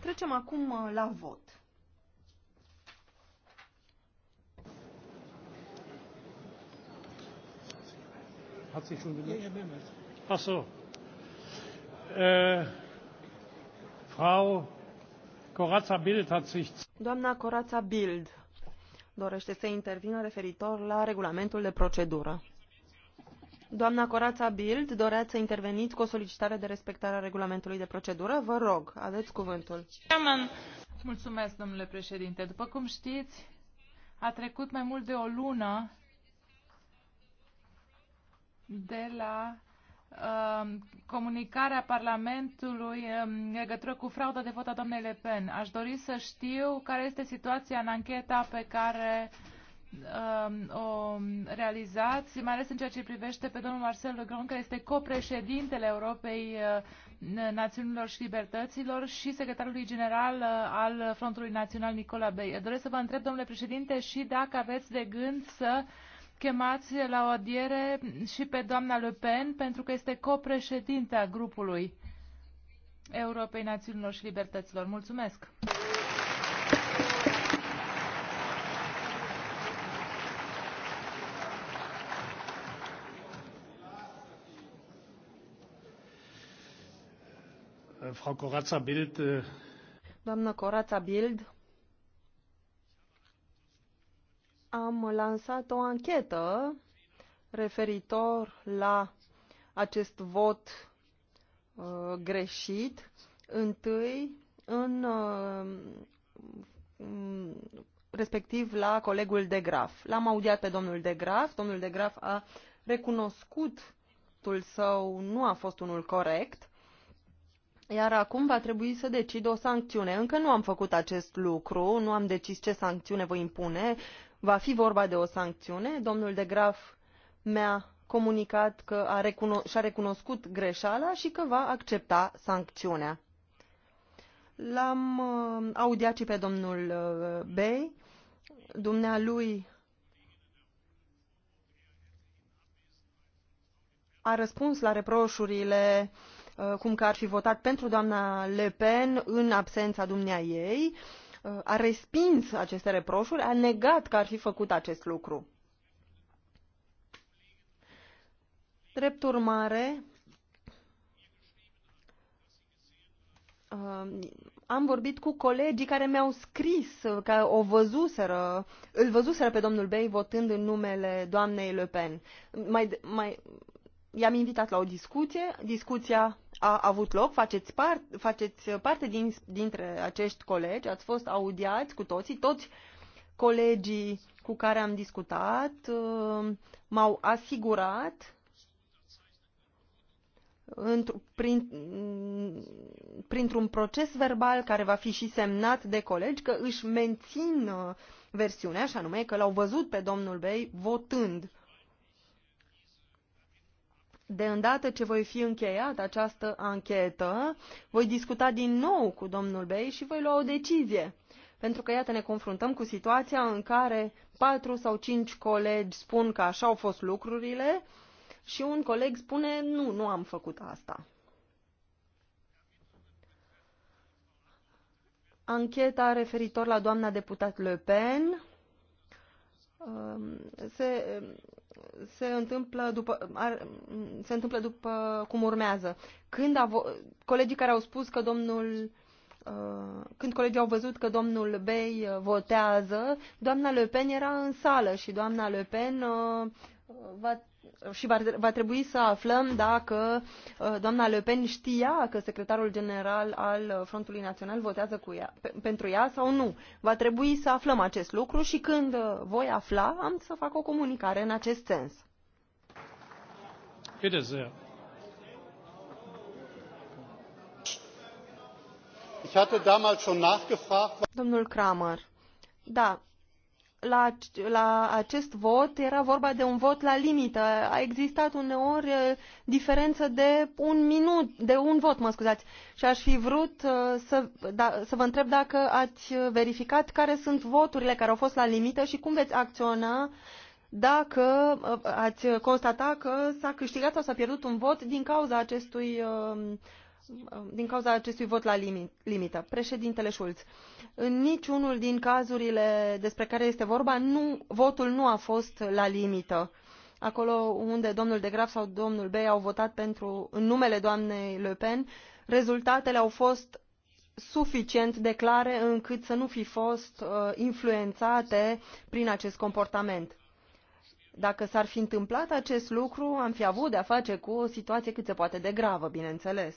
Trecem acum uh, la vot. Hat sich schon gelöscht? Ach so. Äh, Frau Corazza Bild hat sich... Doamna Corazza Bild dorește să intervină referitor la regulamentul de procedură. Doamna Corața Bild, doreați să interveniți cu o solicitare de respectare a regulamentului de procedură? Vă rog, aveți cuvântul. Mulțumesc, domnule președinte. După cum știți, a trecut mai mult de o lună de la uh, comunicarea Parlamentului um, în legătură cu frauda de vot a doamnei Le Pen. Aș dori să știu care este situația în ancheta pe care uh, uh, o realizați, mai ales în ceea ce privește pe domnul Marcel Legron, care este copreședintele Europei uh, Națiunilor și Libertăților și secretarului general uh, al Frontului Național Nicola Bey. Doresc să vă întreb, domnule președinte, și dacă aveți de gând să chemați la o adiere și pe doamna Le Pen, pentru că este a grupului Europei Națiunilor și Libertăților. Mulțumesc! Frau Corazza Bild. Äh, Doamnă Corața Bild, am lansat o anchetă referitor la acest vot uh, greșit. Întâi, în uh, mm, respectiv la colegul de Graf. L-am audiat pe domnul de Graf. Domnul de Graf a recunoscut tul său nu a fost unul corect iar acum va trebui să decid o sancțiune. Încă nu am făcut acest lucru, nu am decis ce sancțiune voi impune. Va fi vorba de o sancțiune. Domnul de Graf mi-a comunicat că a recuno- și-a recunoscut greșeala și că va accepta sancțiunea. L-am uh, audiat și pe domnul uh, Bey. Dumnealui a răspuns la reproșurile uh, Uh, cum că ar fi votat pentru doamna Le Pen în absența dumnea ei, uh, a respins aceste reproșuri, a negat că ar fi făcut acest lucru. Drept urmare, uh, am vorbit cu colegii care mi-au scris că o văzuseră, îl văzuseră pe domnul Bey votând în numele doamnei Le Pen. Mai, mai, i-am invitat la o discuție, discuția a avut loc, faceți, par, faceți parte din, dintre acești colegi, ați fost audiați cu toții, toți colegii cu care am discutat uh, m-au asigurat prin, printr-un proces verbal care va fi și semnat de colegi că își mențin uh, versiunea, așa anume că l-au văzut pe domnul Bey votând de îndată ce voi fi încheiat această anchetă, voi discuta din nou cu domnul Bey și voi lua o decizie. Pentru că, iată, ne confruntăm cu situația în care patru sau cinci colegi spun că așa au fost lucrurile și un coleg spune, nu, nu am făcut asta. Ancheta referitor la doamna deputat Le Pen um, se se întâmplă după, ar, se întâmplă după cum urmează. Când a, colegii care au spus că domnul uh, când colegii au văzut că domnul Bey uh, votează, doamna Le Pen era în sală și doamna Le Pen uh, va și va, va trebui să aflăm dacă uh, doamna Le Pen știa că secretarul general al Frontului Național votează cu ea, pe, pentru ea sau nu. Va trebui să aflăm acest lucru și când uh, voi afla, am să fac o comunicare în acest sens. is there. Ich hatte damals schon nachgefragt. Domnul Kramer. Da, la, la acest vot era vorba de un vot la limită. A existat uneori diferență de un minut, de un vot, mă scuzați. Și aș fi vrut să, da, să vă întreb dacă ați verificat care sunt voturile care au fost la limită și cum veți acționa dacă ați constata că s-a câștigat sau s-a pierdut un vot din cauza acestui din cauza acestui vot la limită. Președintele Schulz, în niciunul din cazurile despre care este vorba, nu, votul nu a fost la limită. Acolo unde domnul de Graf sau domnul Bey au votat pentru, în numele doamnei Le Pen, rezultatele au fost suficient de clare încât să nu fi fost uh, influențate prin acest comportament. Dacă s-ar fi întâmplat acest lucru, am fi avut de-a face cu o situație cât se poate de gravă, bineînțeles.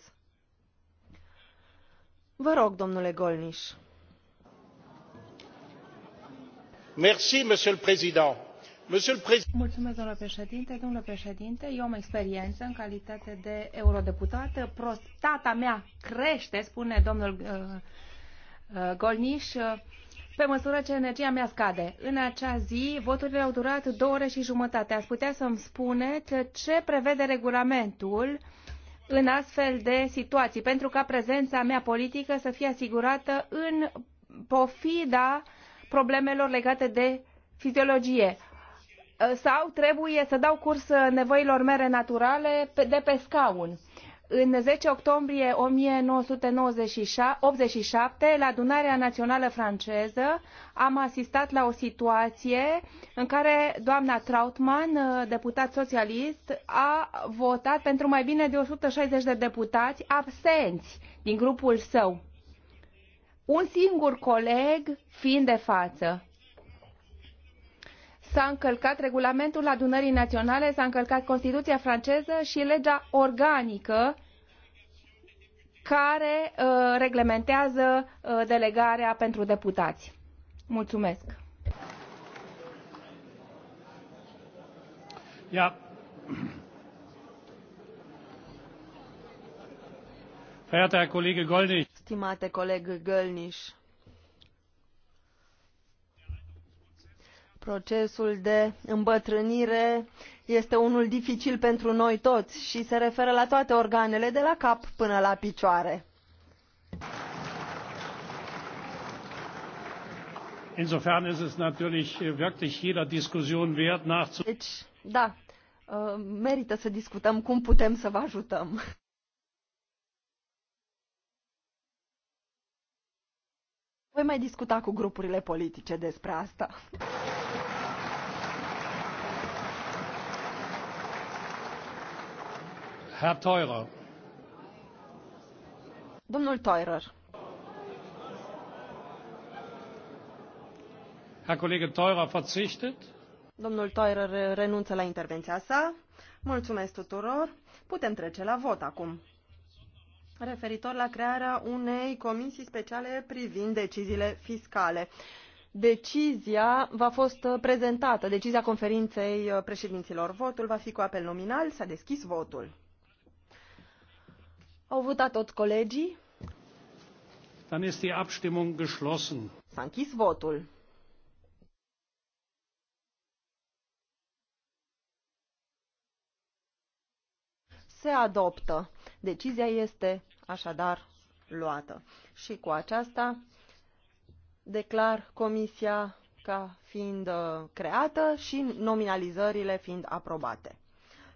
Vă rog, domnule Golniș. Merci, monsieur le président. Monsieur le président. Mulțumesc, domnule președinte. Domnule președinte, eu am experiență în calitate de eurodeputat. Prostata mea crește, spune domnul uh, uh, Golniș. Uh, pe măsură ce energia mea scade. În acea zi, voturile au durat două ore și jumătate. Ați putea să-mi spuneți ce prevede regulamentul în astfel de situații, pentru ca prezența mea politică să fie asigurată în pofida problemelor legate de fiziologie. Sau trebuie să dau curs nevoilor mele naturale de pe scaun în 10 octombrie șapte la adunarea națională franceză, am asistat la o situație în care doamna Trautmann, uh, deputat socialist, a votat pentru mai bine de 160 de deputați absenți din grupul său. Un singur coleg fiind de față s-a încălcat regulamentul adunării naționale, s-a încălcat Constituția franceză și legea organică care uh, reglementează uh, delegarea pentru deputați. Mulțumesc. Ja. Stimate coleg Gălniș, Procesul de îmbătrânire este unul dificil pentru noi toți și se referă la toate organele, de la cap până la picioare. Insofern ist es natürlich äh, wirklich jeder Diskussion wert nachzu. Deci, da, uh, merită să discutăm cum putem să vă ajutăm. Voi mai discuta cu grupurile politice despre asta. Herr Teurer. Domnul Teurer. Herr Kollege Teurer verzichtet. Domnul Teurer renunță la intervenția sa. Mulțumesc tuturor. Putem trece la vot acum referitor la crearea unei comisii speciale privind deciziile fiscale. Decizia va fost prezentată, decizia conferinței uh, președinților. Votul va fi cu apel nominal, s-a deschis votul. Au votat toți colegii. Dann ist die Abstimmung geschlossen. S-a închis votul. se adoptă. Decizia este așadar luată. Și cu aceasta declar comisia ca fiind uh, creată și nominalizările fiind aprobate.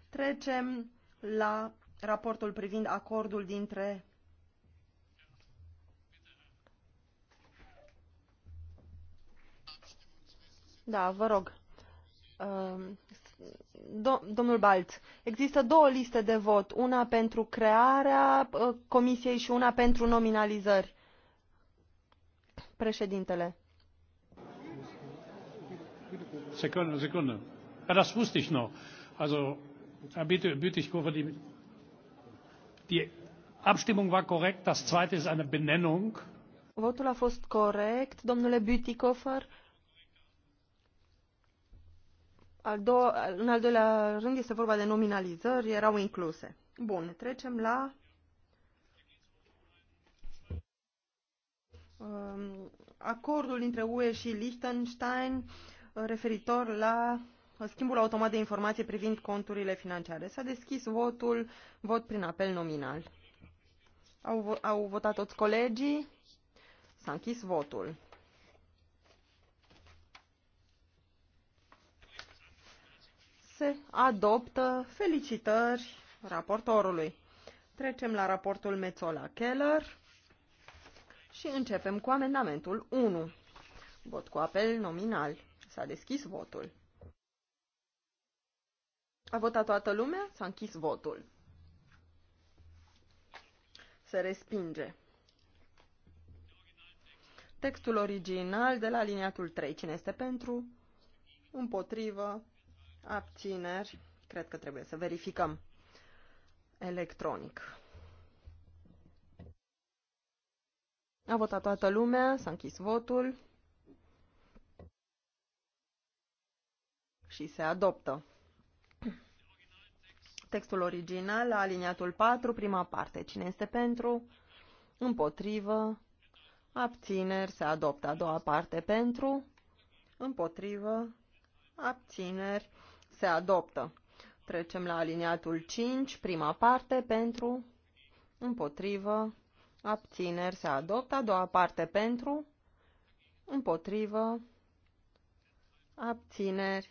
Trecem la raportul privind acordul dintre Da, vă rog. Uh, Domnule domnul există două liste de vot, una pentru crearea uh, comisiei și una pentru nominalizări. Președintele. Secundă, secundă. Ja, das wusste ich noch. Also, Herr Bütikofer, die, die Abstimmung war korrekt. Das zweite ist eine Benennung. Votul a fost corect, domnule Bütikofer. Al do în al doilea rând este vorba de nominalizări, erau incluse. Bun, trecem la um, acordul între UE și Liechtenstein uh, referitor la uh, schimbul automat de informații privind conturile financiare. S-a deschis votul, vot prin apel nominal. Au, au votat toți colegii, s-a închis votul. 6 adoptă. Felicitări raportorului. Trecem la raportul Mețola Keller și începem cu amendamentul 1. Vot cu apel nominal. S-a deschis votul. A votat toată lumea? S-a închis votul. Se respinge. Textul original de la liniatul 3. Cine este pentru? Împotrivă abțineri, cred că trebuie să verificăm electronic. A votat toată lumea, s-a închis votul și se adoptă. Textul original, la aliniatul 4, prima parte. Cine este pentru? Împotrivă. Abțineri. Se adoptă a doua parte pentru. Împotrivă. Abțineri se adoptă. Trecem la aliniatul 5, prima parte, pentru, împotrivă, abțineri, se adoptă. A doua parte, pentru, împotrivă, abțineri.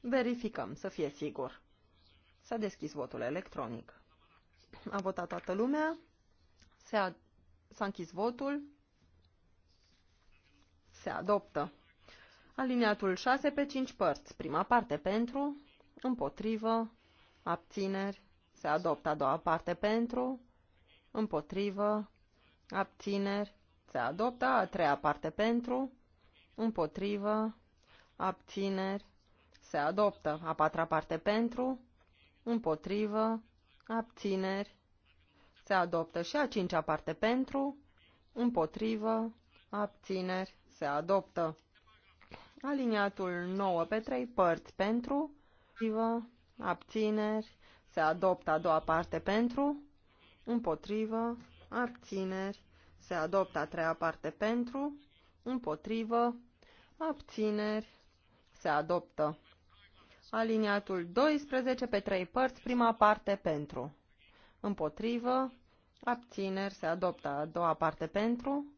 Verificăm, să fie sigur. S-a deschis votul electronic. A votat toată lumea. S-a închis votul. Se adoptă. Aliniatul 6 pe 5 părți. Prima parte pentru, împotrivă, abțineri, se adoptă a doua parte pentru, împotrivă, abțineri, se adoptă a treia parte pentru, împotrivă, abțineri, se adoptă a patra parte pentru, împotrivă, abțineri, se adoptă și a cincea parte pentru, împotrivă, abțineri, se adoptă. Aliniatul 9 pe 3 părți pentru, împotrivă, abțineri, se adoptă a doua parte pentru, împotrivă, abțineri, se adoptă a treia parte pentru, împotrivă, abțineri, se adoptă. Aliniatul 12 pe 3 părți, prima parte pentru, împotrivă, abțineri, se adoptă a doua parte pentru,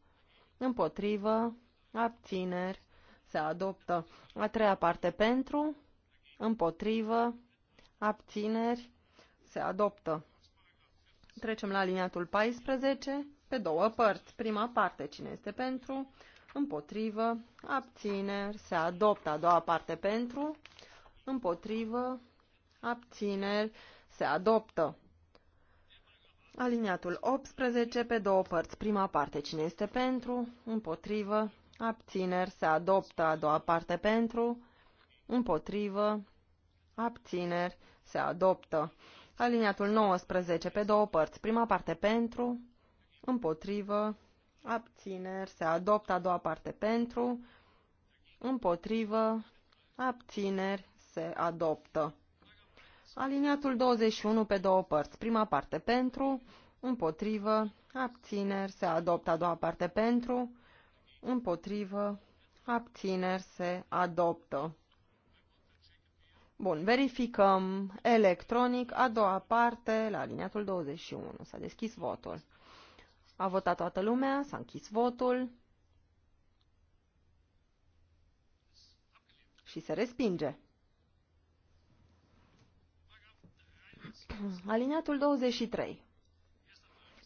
împotrivă, abțineri, se adoptă. A treia parte pentru, împotrivă, abțineri, se adoptă. Trecem la aliniatul 14, pe două părți. Prima parte, cine este pentru, împotrivă, abțineri, se adoptă. A doua parte pentru, împotrivă, abțineri, se adoptă. Aliniatul 18 pe două părți. Prima parte, cine este pentru, împotrivă, abțineri, se adoptă a doua parte pentru, împotrivă, abțineri, se adoptă. Aliniatul 19 pe două părți, prima parte pentru, împotrivă, abțineri, se adoptă a doua parte pentru, împotrivă, abțineri, se adoptă. Aliniatul 21 pe două părți, prima parte pentru, împotrivă, abțineri, se adoptă a doua parte pentru, împotrivă, abțineri se adoptă. Bun, verificăm electronic a doua parte la liniatul 21. S-a deschis votul. A votat toată lumea, s-a închis votul și se respinge. Aliniatul 23.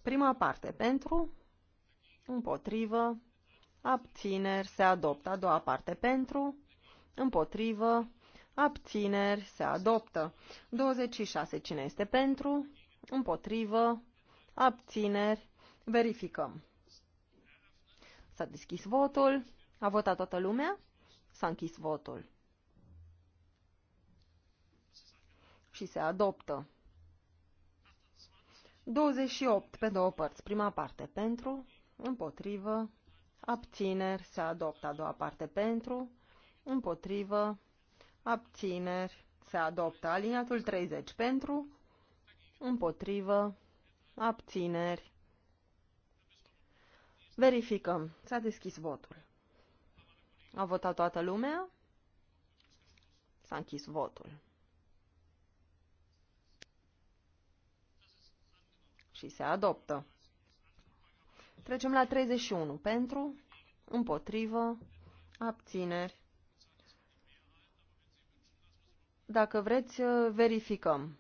Prima parte pentru, împotrivă, abțineri, se adoptă. A doua parte pentru, împotrivă, abțineri, se adoptă. 26. Cine este pentru, împotrivă, abțineri, verificăm. S-a deschis votul, a votat toată lumea, s-a închis votul. Și se adoptă. 28 pe două părți. Prima parte pentru, împotrivă, abțineri, se adoptă a doua parte pentru, împotrivă, abțineri, se adoptă aliniatul 30 pentru, împotrivă, abțineri. Verificăm. S-a deschis votul. A votat toată lumea? S-a închis votul. Și se adoptă. Trecem la 31. Pentru, împotrivă, abțineri. Dacă vreți, verificăm.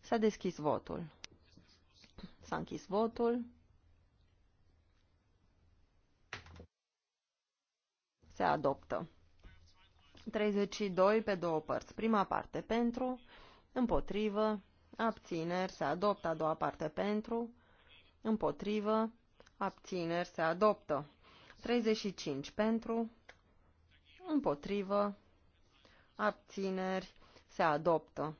S-a deschis votul. S-a închis votul. Se adoptă. 32 pe două părți. Prima parte pentru, împotrivă, abțineri, se adoptă. A doua parte pentru, împotrivă, abțineri, se adoptă. 35 pentru, împotrivă, abțineri, se adoptă.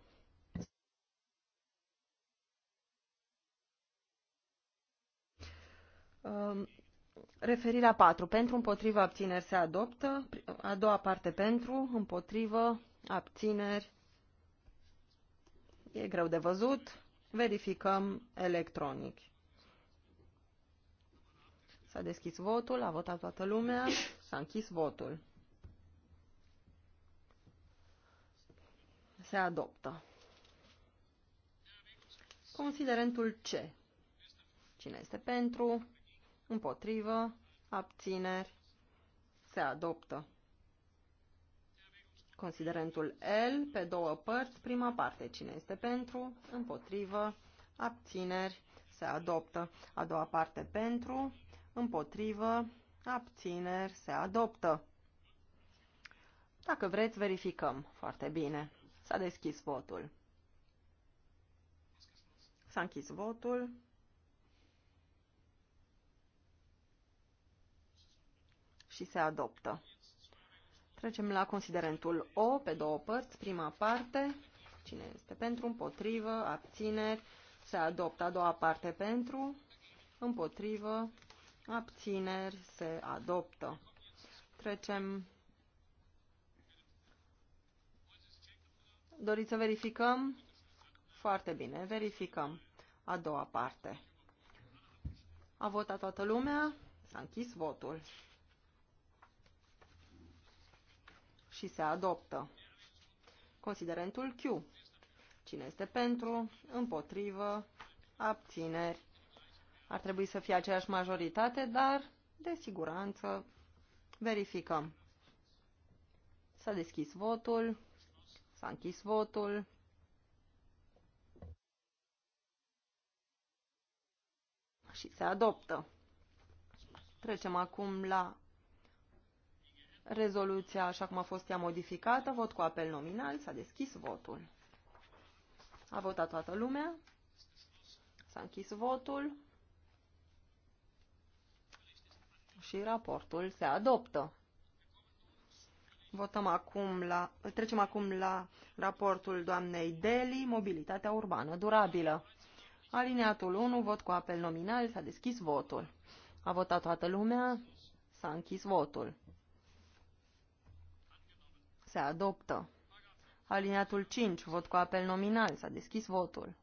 Um, referirea 4. Pentru împotrivă abțineri se adoptă. A doua parte pentru, împotrivă, abțineri E greu de văzut. Verificăm electronic. S-a deschis votul, a votat toată lumea, s-a închis votul. Se adoptă. Considerentul C. Cine este pentru, împotrivă, abțineri, se adoptă. Considerentul L, pe două părți, prima parte, cine este pentru, împotrivă, abțineri, se adoptă. A doua parte, pentru, împotrivă, abțineri, se adoptă. Dacă vreți, verificăm. Foarte bine. S-a deschis votul. S-a închis votul. Și se adoptă. Trecem la considerentul O, pe două părți, prima parte, cine este pentru, împotrivă, abțineri, se adoptă a doua parte pentru, împotrivă, abțineri, se adoptă. Trecem. Doriți să verificăm? Foarte bine, verificăm a doua parte. A votat toată lumea, s-a închis votul. și se adoptă. Considerentul Q. Cine este pentru, împotrivă, abțineri. Ar trebui să fie aceeași majoritate, dar, de siguranță, verificăm. S-a deschis votul, s-a închis votul. Și se adoptă. Trecem acum la rezoluția așa cum a fost ea modificată. Vot cu apel nominal. S-a deschis votul. A votat toată lumea. S-a închis votul. Și raportul se adoptă. Votăm acum la, trecem acum la raportul doamnei Deli, mobilitatea urbană durabilă. Alineatul 1, vot cu apel nominal, s-a deschis votul. A votat toată lumea, s-a închis votul. Se adoptă. Aliniatul 5. Vot cu apel nominal. S-a deschis votul.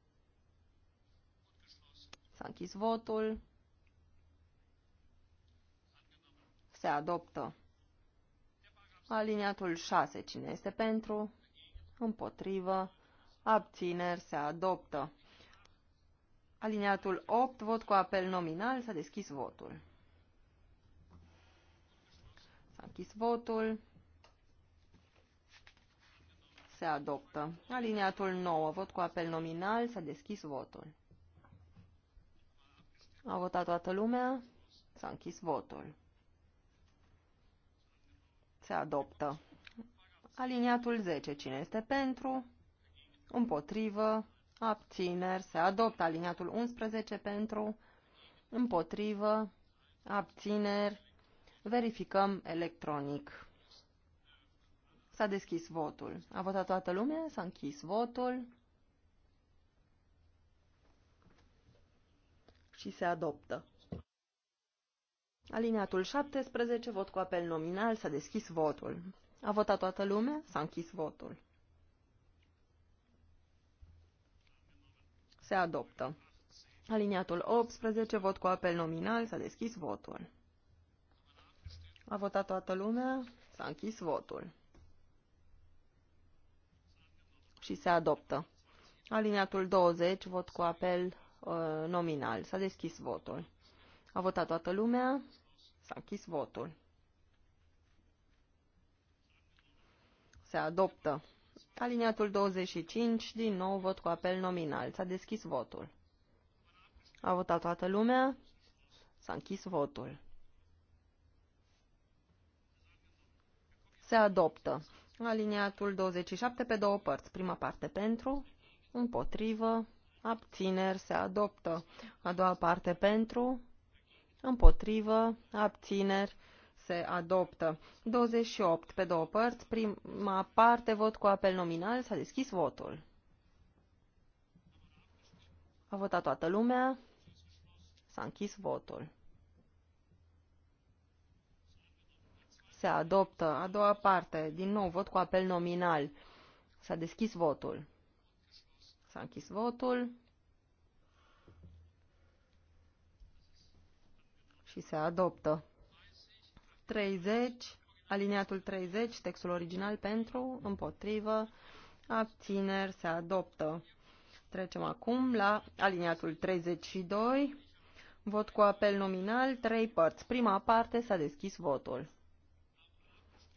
S-a închis votul. Se adoptă. Aliniatul 6. Cine este pentru? Împotrivă. Abțineri. Se adoptă. Aliniatul 8. Vot cu apel nominal. S-a deschis votul. S-a închis votul se adoptă. Aliniatul 9, vot cu apel nominal, s-a deschis votul. A votat toată lumea, s-a închis votul. Se adoptă. Aliniatul 10, cine este pentru? Împotrivă, abțineri, se adoptă. Aliniatul 11 pentru, împotrivă, abțineri, verificăm electronic. S-a deschis votul. A votat toată lumea, s-a închis votul și se adoptă. Alineatul 17, vot cu apel nominal, s-a deschis votul. A votat toată lumea, s-a închis votul. Se adoptă. Aliniatul 18, vot cu apel nominal, s-a deschis votul. A votat toată lumea, s-a închis votul și se adoptă. Alineatul 20, vot cu apel uh, nominal. S-a deschis votul. A votat toată lumea, s-a închis votul. Se adoptă. Aliniatul 25, din nou vot cu apel nominal. S-a deschis votul. A votat toată lumea, s-a închis votul. Se adoptă. Aliniatul 27 pe două părți. Prima parte pentru, împotrivă, abțineri se adoptă. A doua parte pentru, împotrivă, abțineri se adoptă. 28 pe două părți. Prima parte, vot cu apel nominal, s-a deschis votul. A votat toată lumea, s-a închis votul. se adoptă. A doua parte, din nou, vot cu apel nominal. S-a deschis votul. S-a închis votul. Și se adoptă. 30, aliniatul 30, textul original pentru, împotrivă, abțineri, se adoptă. Trecem acum la aliniatul 32, vot cu apel nominal, trei părți. Prima parte s-a deschis votul.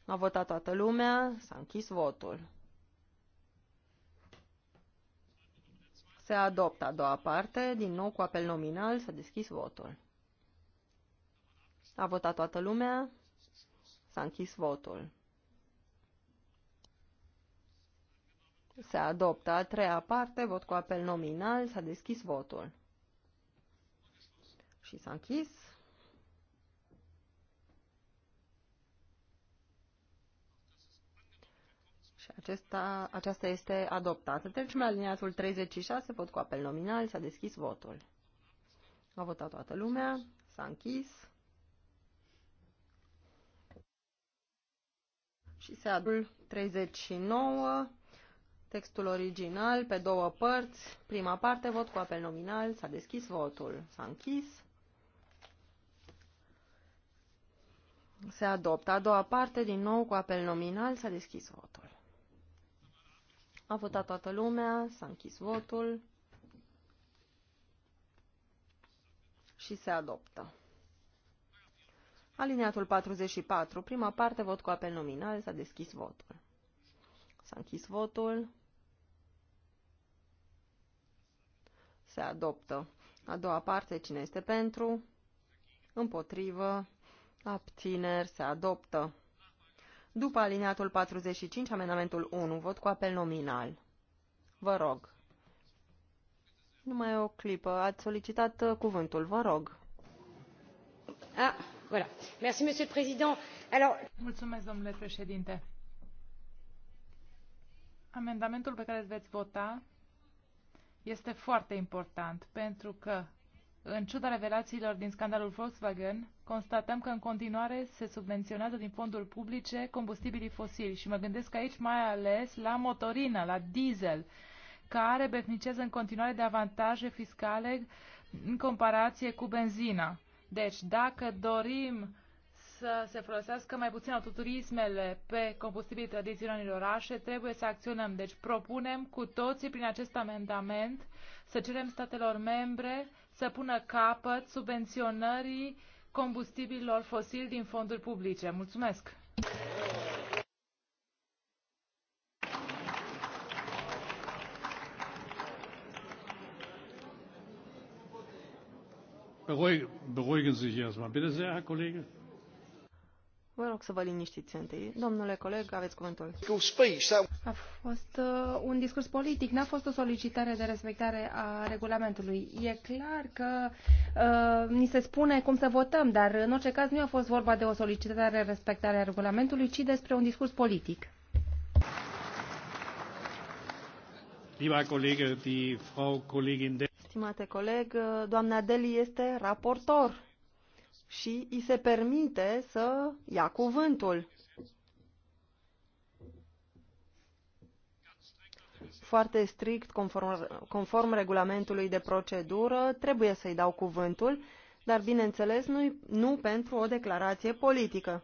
A votat toată lumea, s-a închis votul. Se adoptă a doua parte, din nou cu apel nominal, s-a deschis votul. A votat toată lumea, s-a închis votul. Se adoptă a treia parte, vot cu apel nominal, s-a deschis votul. Și s-a închis. Și acesta, aceasta este adoptată. Trecem la aliniatul 36, vot cu apel nominal, s-a deschis votul. A votat toată lumea, s-a închis. Și se adul 39, textul original, pe două părți. Prima parte, vot cu apel nominal, s-a deschis votul, s-a închis. Se adoptă a doua parte, din nou cu apel nominal, s-a deschis votul. A votat toată lumea, s-a închis votul și se adoptă. Alineatul 44, prima parte, vot cu apel nominal, s-a deschis votul. S-a închis votul. Se adoptă. A doua parte, cine este pentru? Împotrivă. Abțineri, se adoptă. După alineatul 45, amendamentul 1, vot cu apel nominal. Vă rog. Numai o clipă. Ați solicitat uh, cuvântul. Vă rog. Ah, voilà. Merci, Monsieur le Président. Alors... Mulțumesc, domnule președinte. Amendamentul pe care îl veți vota este foarte important pentru că în ciuda revelațiilor din scandalul Volkswagen, constatăm că în continuare se subvenționează din fonduri publice combustibilii fosili și mă gândesc aici mai ales la motorină, la diesel, care beneficiază în continuare de avantaje fiscale în comparație cu benzina. Deci, dacă dorim să se folosească mai puțin autoturismele pe combustibili tradiționali în orașe, trebuie să acționăm. Deci propunem cu toții prin acest amendament să cerem statelor membre să pună capăt subvenționării combustibililor fosili din fonduri publice. Mulțumesc! Beruhigen Sie sich erstmal. Bitte sehr, Herr Kollege. Vă rog să vă liniștiți întâi. Domnule coleg, aveți cuvântul. A fost uh, un discurs politic, n-a fost o solicitare de respectare a regulamentului. E clar că uh, ni se spune cum să votăm, dar în orice caz nu a fost vorba de o solicitare de respectare a regulamentului, ci despre un discurs politic. Stimate coleg, uh, doamna Deli este raportor și îi se permite să ia cuvântul. Foarte strict, conform, conform regulamentului de procedură, trebuie să-i dau cuvântul, dar, bineînțeles, nu, nu pentru o declarație politică.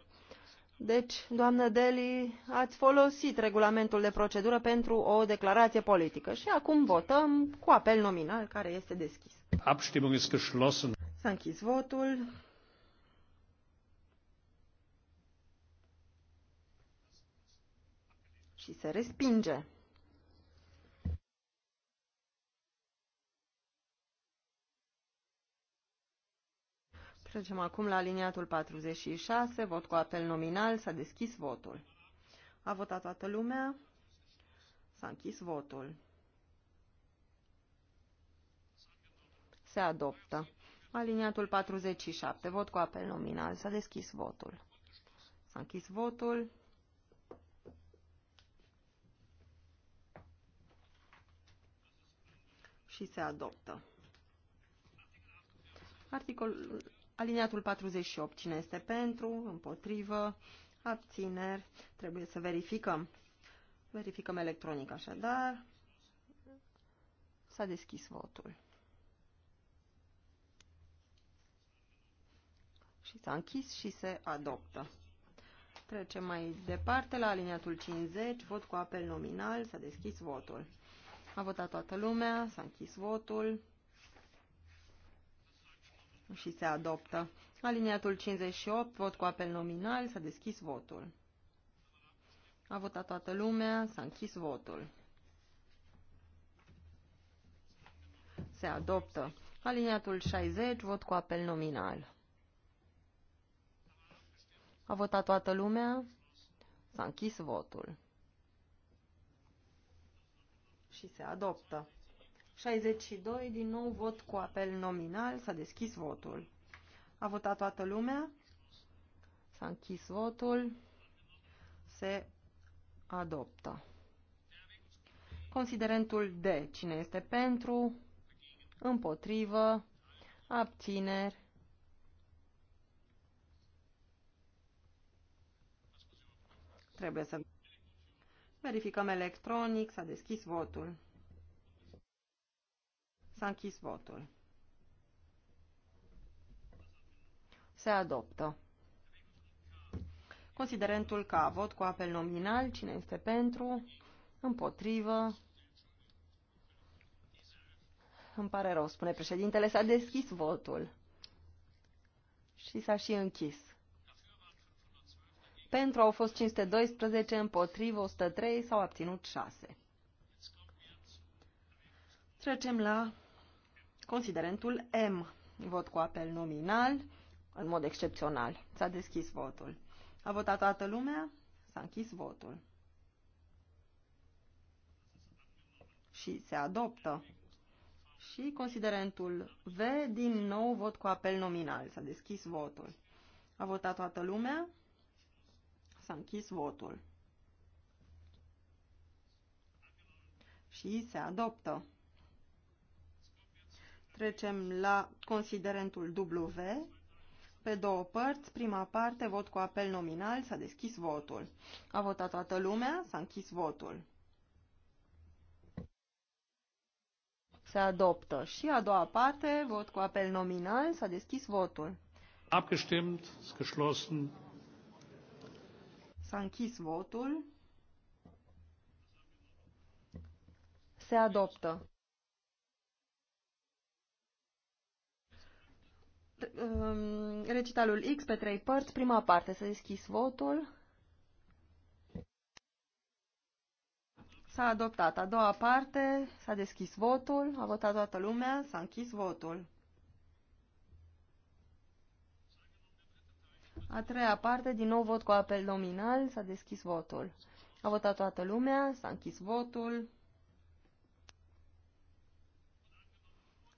Deci, doamnă Deli, ați folosit regulamentul de procedură pentru o declarație politică și acum votăm cu apel nominal care este deschis. S-a închis votul. și se respinge. Trecem acum la aliniatul 46, vot cu apel nominal, s-a deschis votul. A votat toată lumea, s-a închis votul. Se adoptă. Aliniatul 47, vot cu apel nominal, s-a deschis votul. S-a închis votul. și se adoptă. Articol, aliniatul 48. Cine este pentru, împotrivă, abțineri? Trebuie să verificăm. Verificăm electronic așadar. S-a deschis votul. Și s-a închis și se adoptă. Trecem mai departe la aliniatul 50, vot cu apel nominal, s-a deschis votul. A votat toată lumea, s-a închis votul și se adoptă. Aliniatul 58, vot cu apel nominal, s-a deschis votul. A votat toată lumea, s-a închis votul. Se adoptă. Aliniatul 60, vot cu apel nominal. A votat toată lumea, s-a închis votul și se adoptă. 62, din nou vot cu apel nominal, s-a deschis votul. A votat toată lumea, s-a închis votul, se adoptă. Considerentul D, cine este pentru, împotrivă, abțineri, trebuie să Verificăm electronic, s-a deschis votul. S-a închis votul. Se adoptă. Considerentul ca vot cu apel nominal, cine este pentru, împotrivă. Îmi pare rău, spune președintele, s-a deschis votul și s-a și închis. Pentru au fost 512, împotrivă 103, s-au abținut 6. Trecem la considerentul M. Vot cu apel nominal, în mod excepțional. S-a deschis votul. A votat toată lumea? S-a închis votul. Și se adoptă. Și considerentul V, din nou vot cu apel nominal. S-a deschis votul. A votat toată lumea? S-a închis votul. Și se adoptă. Trecem la considerentul W. Pe două părți, prima parte, vot cu apel nominal, s-a deschis votul. A votat toată lumea, s-a închis votul. Se adoptă. Și a doua parte, vot cu apel nominal, s-a deschis votul. Abgestimmt, geschlossen, S-a închis votul. Se adoptă. Um, recitalul X pe trei părți, prima parte, S-a deschis votul. S-a adoptat. A doua parte, s-a deschis votul, a votat toată lumea, s-a închis votul. A treia parte, din nou vot cu apel nominal, s-a deschis votul. A votat toată lumea, s-a închis votul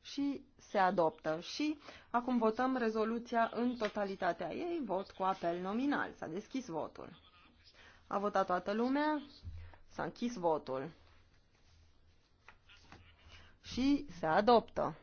și se adoptă. Și acum votăm rezoluția în totalitatea ei, vot cu apel nominal, s-a deschis votul. A votat toată lumea, s-a închis votul și se adoptă.